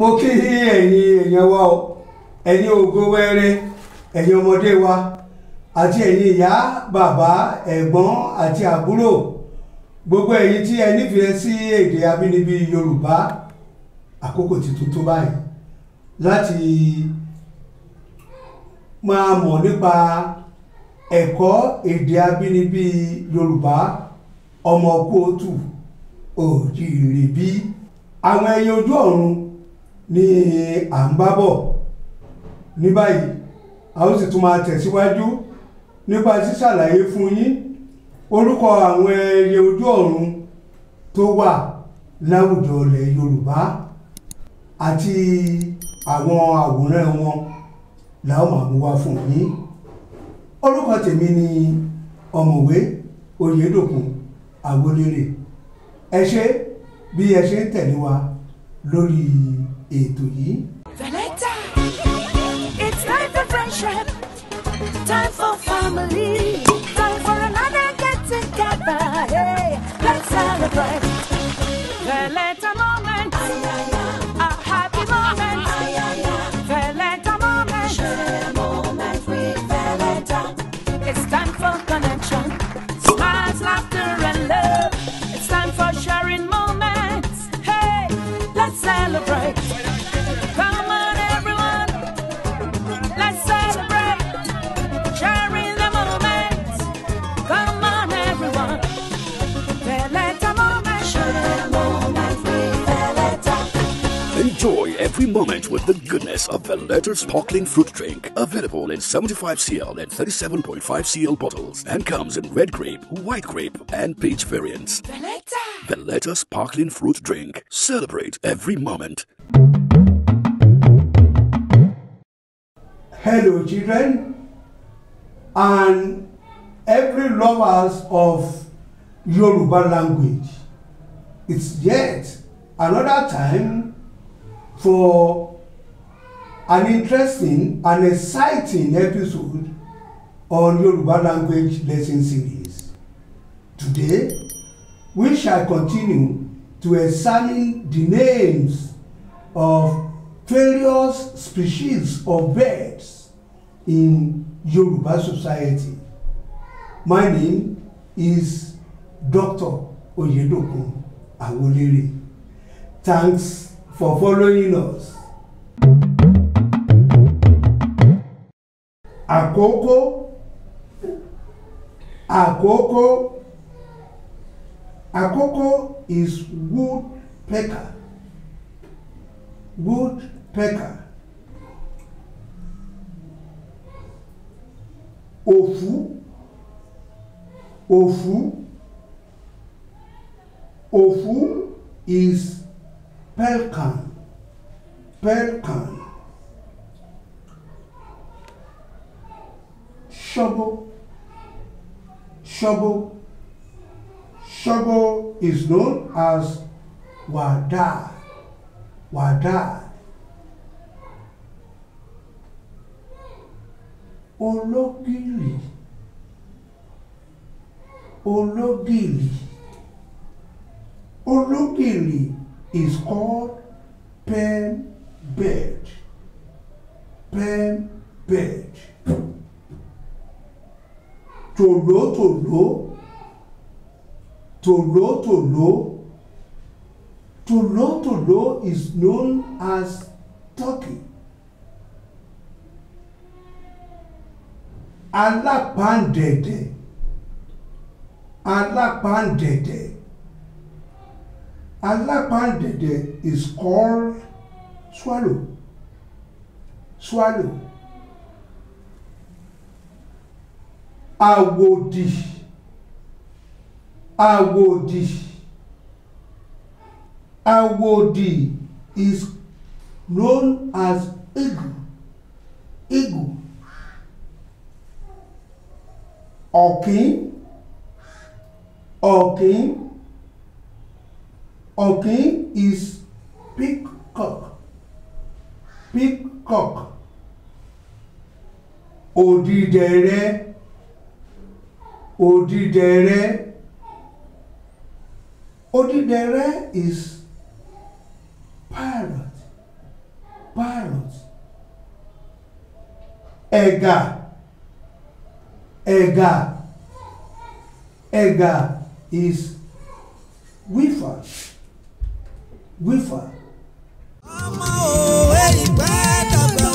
mo kí ẹ̀yin èèyàn wa o ẹ̀yin ògo wẹ́rẹ́ ẹ̀yin ọmọdé wa àti ẹ̀yin ìyá bàbá ẹ̀gbọ́n àti àbúrò gbogbo ẹ̀yin tí ẹ nífẹ̀ẹ́ sí èdè abínibí Yorùbá àkókò tuntun tó báyìí láti máa mọ̀ nípa ẹ̀kọ́ èdè abínibí Yorùbá ọmọ kóòtù òjìrìbí àwọn ẹyẹ ojú ọ̀run ni à ń bá bọ̀ ní báyìí a ó sì tún máa tẹ̀síwájú nípa ṣíṣàlàyé fún yín orúkọ àwọn ẹyẹ ojú ọ̀run tó wà láwùjọ ilẹ̀ Yorùbá àti àwọn àwòrán wọn la ó máa mú wá fún yín orúkọ tèmi ni ọ̀mọ̀wé Oyèdòkun Àwọlérè ẹ ṣé bí ẹ ṣe ń tẹ̀lé wa lórí ètò yìí. it's time for friendship, time for family, time for another get together, hey, let's celebrate. every moment with the goodness of Valletta Sparkling Fruit Drink. Available in 75cl and 37.5cl bottles and comes in red grape, white grape, and peach variants. Valletta, Valletta Sparkling Fruit Drink. Celebrate every moment. Hello, children, and every lovers of Yoruba language. It's yet another time for an interesting and exciting episode on Yoruba language lesson series. Today, we shall continue to examine the names of various species of birds in Yoruba society. My name is Dr. Oyedokun Awolere. Thanks for following us. Àkókò Àkókò Àkókò is woodpecker. Woodpecker. Òfú Òfú Òfú is Pelkan, Pelkan, Shobo, Shobo. Shobo is known as Wada, Wada. Ologili, Ologili, Ologili is called pen bed. Pen bed. Tòlótòló tòlótòló tòlótòló is known as turkey. Alápáǹdẹ̀dẹ̀ alápáǹdẹ̀dẹ̀ alápàǹdẹ̀dẹ̀ is called swallow swallow Awodi, awodi, awodi is known as eagle eagle Okay, okay. Okay, is peacock. Peacock. Odidere. Odidere. Odidere is parrot. Parrot. Ega, Ega, Ega is weaver wífà. ọmọ òwe ìgbẹ́ dàgbà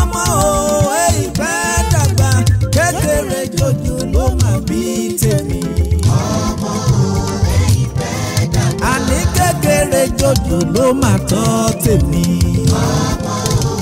ọmọ òwe ìgbẹ́ dàgbà kékeré jòjò ló máa bí tèmi. ọmọ òwe ìgbẹ́ dàgbà. àní kékeré jòjò ló máa tọ́ tèmi. ọmọ òwe.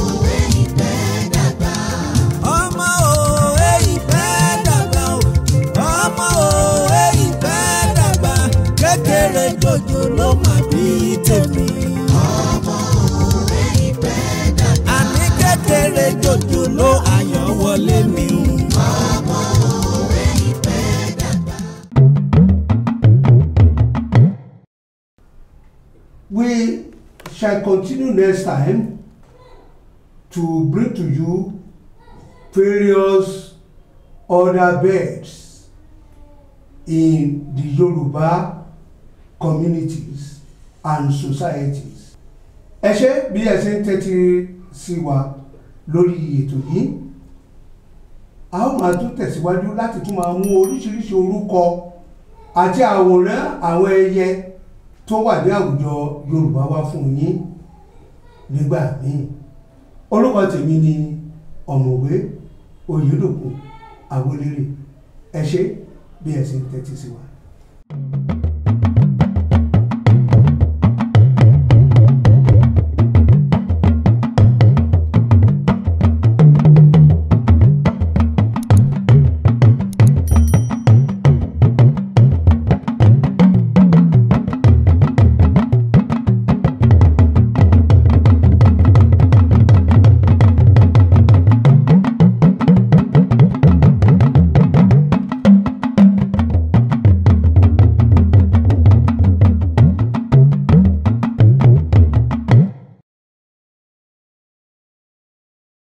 We shall continue next time to bring to you various other birds in the Yoruba communities and societies. Ẹ ṣé bí ẹ ṣe ń tẹ́tí sí wa lórí ètò yìí a ó máa tún tẹ̀síwájú láti tún máa mú oríṣiríṣi orúkọ àti àwòrán àwọn ẹyẹ tó wà ní àwùjọ Yorùbá wá fún yín nígbà míì orúkọ tèmi ni ọ̀mọ̀wé Oyèdòkun Awolere ẹ bí ẹ ṣe sí wa